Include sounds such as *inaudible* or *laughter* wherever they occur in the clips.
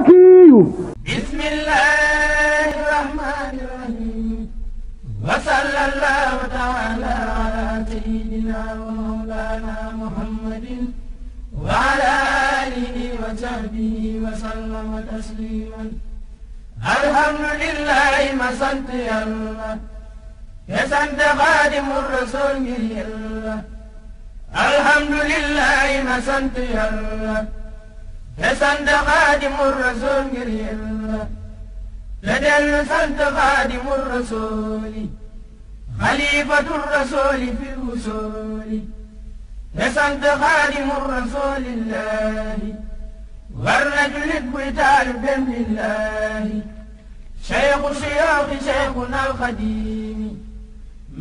الزكي بسم الله الرحمن الرحيم وصلى الله تعالى على سيدنا ومولانا محمد وعلى آله وصحبه وسلم تسليما الحمد لله ما سنت يلا يا سنت خادم الرسول يلا الحمد لله ما سنت يلا te sant xaadimu rasuul ngir yàlla te dellu sant xaadimu rasuul xalifatu rasuul fil wusuul te sant xaadimu rasuulillaahi war na julit buy taalu benn billaahi seyxu siyooxi seyxuna alxadiimi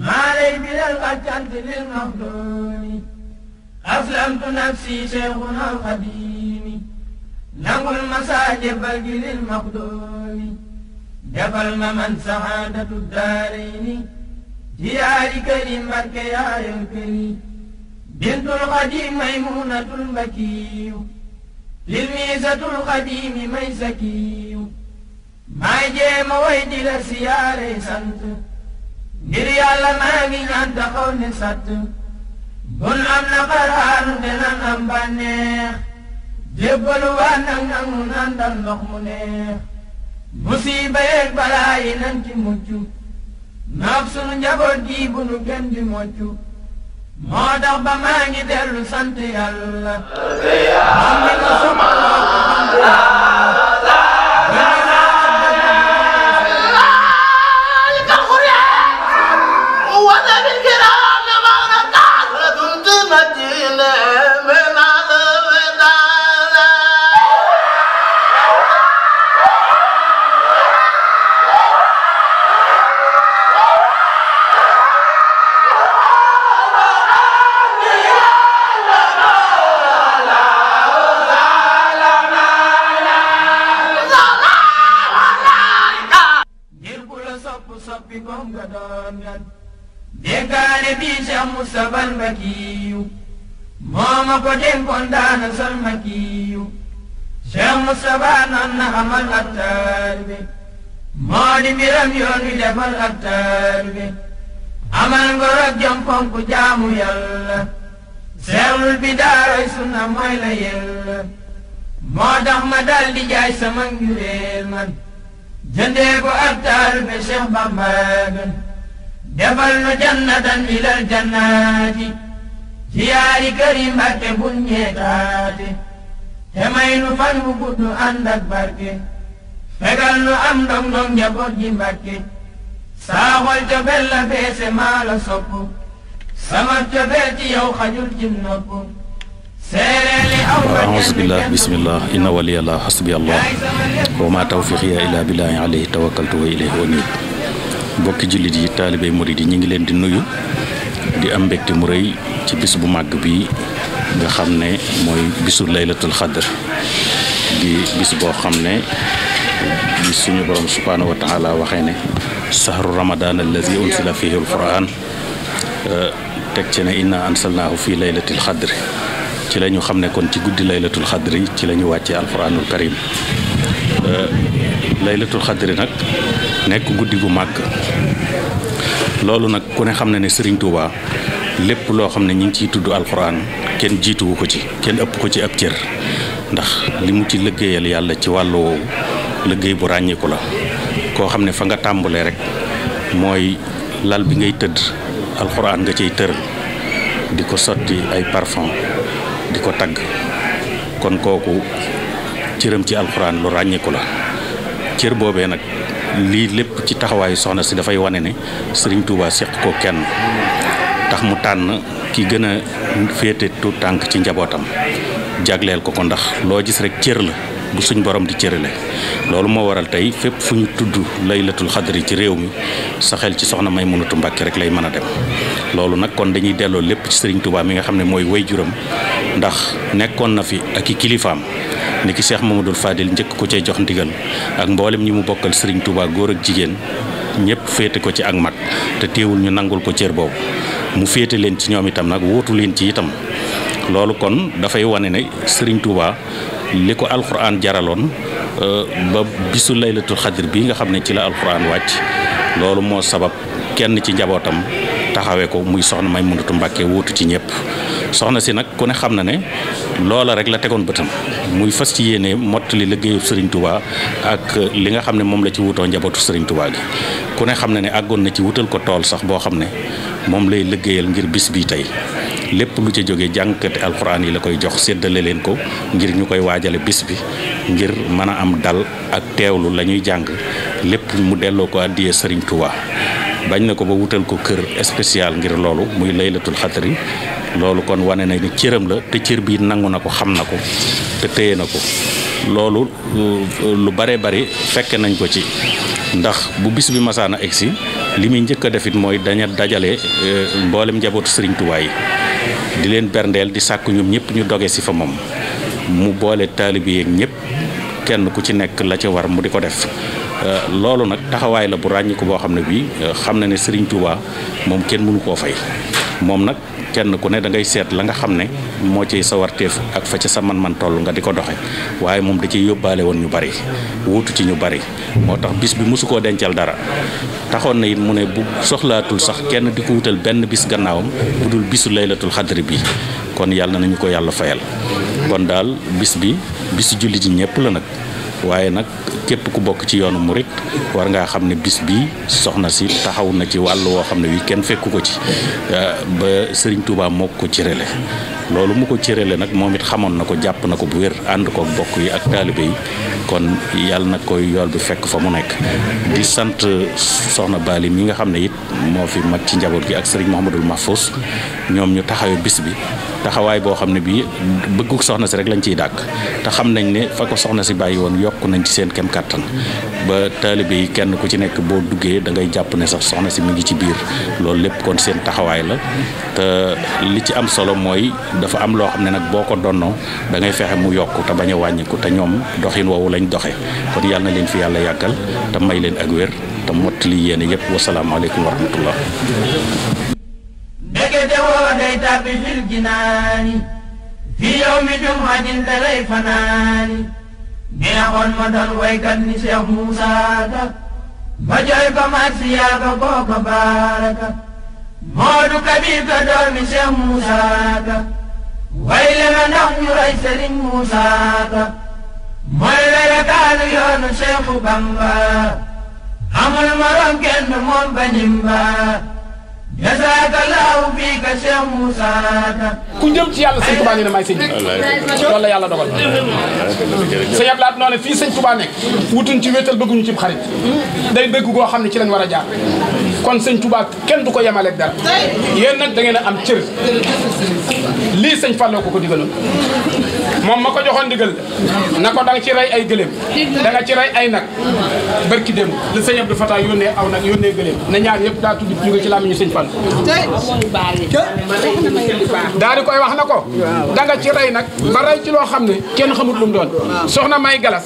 maa lay bilal ak lil maxdoomi aslamtu nafsi seyxuna alxadiimi nangul ma saa jébbal defal ma man saxaadatu daarayni diyaari këri mbarke yaayal këri bintul xadiim maymuunatul mbakiyu lil miisatul xadiimi may sakiyu maay way di la siyaarey sant ngir yàlla maa ngi ñaan taxaw ne am na xaraanu denan am bànneex jébbalu waa nang nangu naan dal ndox mu neex musiba yeeg balaa yi ci mucc noog sunu njaboot gi bu nu gën di moo tax ba maa ngi dellu sant yàlla. daare bii Cheikh Moustapha Mbakiyu moo ma ko dénkoon daana sol makiyu Cheikh Moustapha noon na xamal ak taalibe moo di yoon wi defal ak taalibe amal ngor ak jom jaamu yàlla seexlul bi daaray sunna mooy yella moo ma dal jaay sama njuréel man jëndee ko ak taalibe Cheikh defal nu jannatan ilal jannaati ziyaari këri Mbàkke buñ ñeetaate te fan bu gudd ànd barke fegal am ndong ndong njaboot ji Mbàkke saaxol cofeel feese maa la sopp sama cofeel ci yow xajul ci nopp ahousubillah bisimillah inna waliyallah hasbi allah wa ma tawfiqiya illa billahi alayhi tawakkaltu wa ilayhi mbokki jullit yi taalibe murid yi ñu ngi leen di nuyu di am mbégte mu rëy ci bis bu màgg bi nga xam ne mooy bisu laylatul xadr di bis boo xam ne bi suñu borom subhaanahu wa taala waxee ne sahru ramadan allazi unsila fihi alquran teg ci ne inna ansalnaahu fi laylatil xadri ci la ñu xam ne kon ci guddi laylatul xadri ci lañu wàccee wàccee alquranul karim laylatul xadri nag nekk guddi gu màgg loolu nag ku ne xam na ne sëriñ Touba lépp loo xam ne ñu ngi ciy tudd alxuraan kenn jiituwu ko ci kenn ëpp ko ci ab cër ndax li mu ci liggéeyal yàlla ci wàllu woowu liggéey bu ràññiku la koo xam ne fa nga tàmbalee rek mooy lal bi ngay tëdd alxuraan nga cay tëral di ko sotti ay parfum di ko tagg kon kooku cëram ci alxuraan lu ràññiku la cër boobee nag lii lépp ci taxawaayu soxna si dafay wane ne sëriñ tuubaa seq ko kenn tax mu tànn ki gën a féete tu tànk ci njabootam jagleel ko ko ndax loo gis rek cër la bu suñ borom di cërale loolu moo waral tey fépp fu ñu tudd laylatul xadri ci réew mi sa xel ci soxna may mënatu mbàkke rek lay mën a dem loolu nag kon dañuy delloo lépp ci sëriñ Touba mi nga xam ne mooy woy juram ndax nekkoon na fi ak i kilifaam ni ki Cheikh Mamadou Fadil njëkk ko cay jox ndigal ak mboolem ñi mu bokkal Serigne Touba góor ak jigéen ñëpp féete ko ci ak mag te téewul ñu nangul ko cër boobu mu féete leen ci ñoom itam nag wóotu leen ci itam loolu kon dafay wane ne Serigne Touba li ko alxuraan jaraloon euh, ba bisu laylatul xadir bi nga xam ne ci la alxuraan wàcc loolu moo sabab kenn ci njabootam taxawee ko muy soxna Maymunatu Mbàkke wóotu ci ñëpp soxna si nag ku ne xam na ne loola rek la tegoon bëtam muy fas ci yéene mottali liggéeyu Serigne Touba ak li nga xam ne moom la ci wutoo njabootu Serigne Touba gi ku ne xam na ne àggoon na ci wutal ko tool sax boo xam ne moom lay liggéeyal ngir bis bii tey lépp lu ca jógee jànkati alxuraan yi la koy jox séddale leen ko ngir ñu koy waajale bis bi ngir mën a am dal ak teewlu la ñuy jàng lépp mu delloo ko àddiyee Serigne Touba bañ na ko ba wutal ko kër spécial ngir loolu muy laylatul loolu kon wane na ni cëram la te cër bi nangu na ko xam na ko te téye na ko loolu euh, lu bare bari fekke nañ ko ci ndax bu bis bi masaana si li muy njëkk a it mooy daña dajale euh, mboolem njabootu Sëriñ yi di leen berndeel di sàkk ñoom ñëpp ñu doge si fa moom mu boole taalibe yeeg ñëpp kenn ku ci nekk la ca war mu di ko def euh, loolu nag taxawaay la bu ko boo xam ne bii xam na ne Sëriñ moom kenn mënu koo fay moom nag kenn ku ne da ngay seet la nga xam ne moo ciy sawarteef ak fa ca sa man-man toll nga di ko doxe waaye moom da ciy yóbbaale woon ñu bari wuutu ci ñu bari moo tax bis bi mosu koo dencal dara taxoon na it mu ne bu soxlaatul sax kenn di ko wutal benn bis gannaawam bu dul bisu laylatul xadri bi kon yàlla nañu ko yàlla fayal kon daal bis bi bisu jullit yi ñépp la nag waaye nag képp ku bokk ci yoonu murit war ngaa xam ne bis bi soxna si taxaw na ci wàll woo xam ne wi kenn fekku ko ci eh, ba sëriñ Touba mook ko le loolu mu ko cërale nag moom it xamoon na ko jàpp na ko bu wér ànd kook bokk yi ak taalibe yi kon yàlla na koy yool bi fekk fa mu nekk di sant soxna Bali mi nga xam ne it moo fi mag ci njaboot gi ak Serigne Mouhamadul Mahfous ñoom ñu taxawee bis bi taxawaay boo xam ne bii bëggu soxna si rek lañ ciy dàkk te xam nañ ne fa ko soxna si bàyyi woon yokk nañ ci seen kem kàttan ba taalibe yi kenn ku ci nekk boo duggee dangay jàpp ne sax soxna si mu ngi ci biir loolu lépp kon seen taxawaay la te li ci am solo mooy dafa am loo xam ne nag boo ko donnoo da ngay fexe mu yokk te bañ a wàññiku te ñoom doxin woowu lañ doxe kon yàlla leen fi yàlla yàggal te may leen ak wér te mottali yéene yëpp wasalaamaaleykum wa rahmatullah day tàbbi fil jinaani fi yawmi jum'atin te lay fanaani neexoon ma doon waykat ni Cheikh Moussa Ka ba ko marsiyaa ka baaraka Moodu Kabir ka doomi Cheikh Moussa Ka wayle ma ndax ñu rey Sëriñ Moussa Ka mooy werekaalu yoonu Cheikh Bamba amul morom kenn moom ba ñimba يساك الله فيك شيخ موسى ku jëm ci yàlla sëñ Touba ñu ne maay sëñ Touba la yàlla dogal sëñ Ablaat noo ne fii sëñ nekk wutuñ ci wéetal bëgguñu ci xarit day dëgg goo xam ne ci lañ war a jaar kon sëñ Touba kenn du ko yemaleeg dara yéen nag da am cër lii sëñ Fallou ko ko digaloon moom ma ko joxoon digal na ko da nga ci rey ay gëléem danga nga ci rey ay nag barki démb la sëñ Abdou Fatah yónnee aw nag yónnee gëléem na ñaar yëpp daa tudd jóge ci làmmiñu sëñ Fallou koy wax na ko da nga nag ba rey ci loo xam ne kenn xamut lu mu doon soxna may galas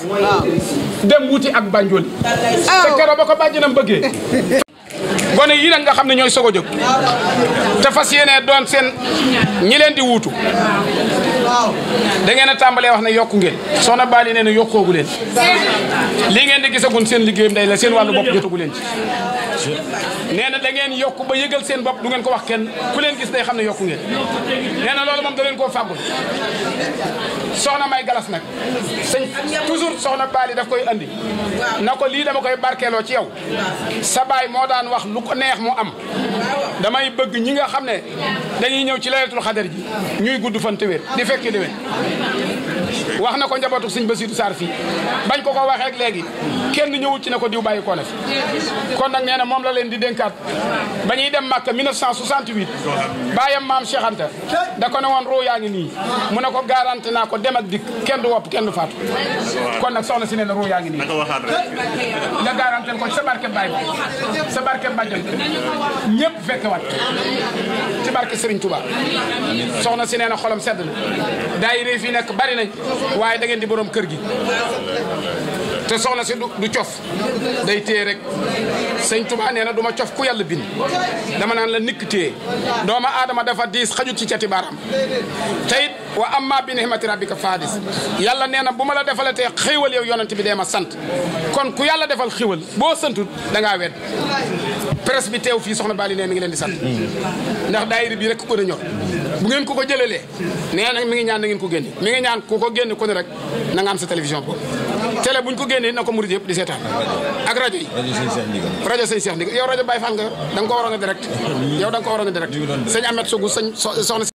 dem wuti ak banjool te keroog ba ko bàjjanam yii nag nga xam ne ñooy soog a jóg yéene doon seen ñi leen di wuutu da ngeen wax ne yokku ngeen soxna Bali nee na yokkoogu leen ngeen di gisagun seen liggéeyam day la seen wàllu bopp jotagu leen ci. nee na da ngeen yokk ba yëgal seen bopp du ngeen ko wax kenn ku leen gis day xam ne yokku ngeen nee na loolu moom da leen koo fàggul soxna may galas nag sëñ toujours soxna baali daf koy andi na ko lii de dama koy barkeeloo ci yow sa baay moo daan wax lu ko neex mu am damay bëgg ñi nga xam ne dañuy ñëw ci laylatul xadar ji ñuy gudd fan te wér di fekki déwén wax na ko njabootu sëñ Basiiru Saar fii bañ ko ko waxee ak léegi kenn ñëwu ci ne ko diw bàyyi koo fi kon nag nee na moom la leen di denkaat ba ñuy dem Màkka 1968 bàyyam maam Cheikh Anta da ko ne woon ruu yaa ngi nii mu ne ko garanti naa ko dem ak dikk kenn du wopp kenn du faatu kon nag soxna si nee na ruu yaa ngi nii la garanti ko sa barke Baye sa barke Badiane ñëpp fekk wàcc ci barke Serigne Touba soxna si nee na xolam sedd na daayira fii nekk bari nañ waaye da ngeen di borom kër gi te soxna si du cof day téye rek sëñ Tuba nee na du ma cof ku yàlla bind dama naan la nikk téye dooma aadama dafa diis xajut ci cati baaraam te it wa amma bi ka faadis yàlla nee na bu ma la defale tee xéewal yow yonent bi dee ma sant kon ku yàlla defal xéewal boo santut da ngaa wet presse bi teew fii soxna Bali nee mi ngi leen di sant ndax daayiri bi rek ku ko ñor bu ngeen ko ko jëlalee nee na mi ngi ñaan na ko génne mi ngi ñaan ku ko génne ku ne rek am sa télévision boobu télé buñ ko génnee na ko murid yëpp di seetaan ak rajo yi rajo sëñ Cheikh Ndigal yow rajo Baye Fall nga da ko waroon a direct *laughs* yow da ko waroon a direct sëñ Amet Sougou sëñ soxna